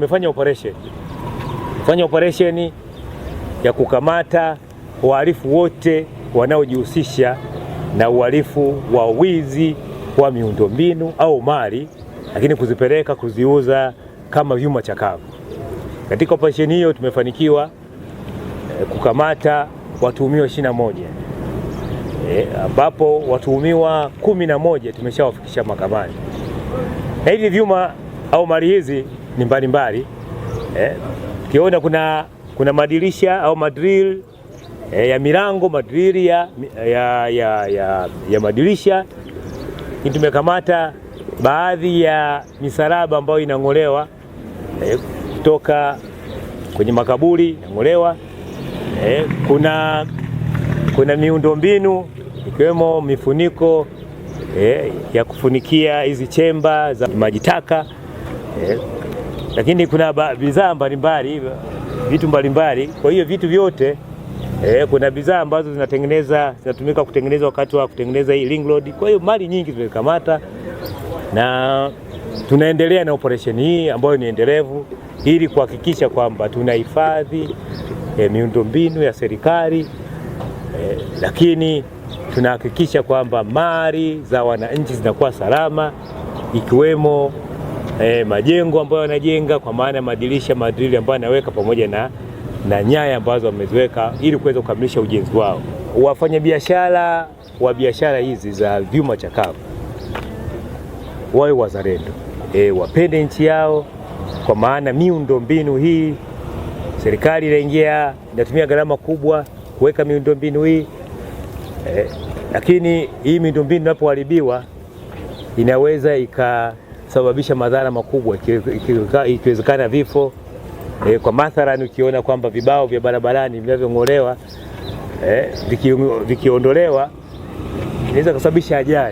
tumefanya operation Tumefanya operation ya kukamata wahalifu wote wanaojihusisha na uhalifu wa wizi wa miundombinu au mali, lakini kuzipeleka kuziuza kama vyuma chakavu. Katika operesheni hiyo tumefanikiwa eh, kukamata watuhumiwa ishirini na moja eh, ambapo watuhumiwa kumi na moja tumeshawafikisha mahakamani na hivi vyuma au mali hizi ni mbalimbali eh, kiona kuna, kuna madirisha au madril eh, ya milango madrili ya, ya, ya, ya, ya madirisha. Tumekamata baadhi ya misalaba ambayo inang'olewa eh, kutoka kwenye makaburi inang'olewa eh, kuna, kuna miundombinu ikiwemo mifuniko eh, ya kufunikia hizi chemba za maji taka eh lakini kuna bidhaa mbalimbali, vitu mbalimbali. Kwa hiyo vitu vyote eh, kuna bidhaa ambazo zinatengeneza zinatumika kutengeneza wakati wa kutengeneza hii ring road. Kwa hiyo mali nyingi tumekamata na tunaendelea na operation hii ambayo ni endelevu ili kuhakikisha kwamba tunahifadhi eh, miundombinu ya serikali eh, lakini tunahakikisha kwamba mali za wananchi zinakuwa salama ikiwemo eh, majengo ambayo wanajenga kwa maana ya madirisha, madrili ambayo anaweka pamoja na, na nyaya ambazo wameziweka ili kuweza kukamilisha ujenzi wao. Wafanyabiashara wa biashara hizi za vyuma chakavu wawe wazalendo, eh, wapende nchi yao, kwa maana miundombinu hii serikali inaingia inatumia gharama kubwa kuweka miundombinu hii eh, lakini hii miundombinu inapoharibiwa inaweza ika kusababisha madhara makubwa, ikiwezekana vifo. E, kwa mathalani ukiona kwamba vibao vya barabarani vinavyong'olewa e, vikiondolewa viki inaweza kusababisha ajali.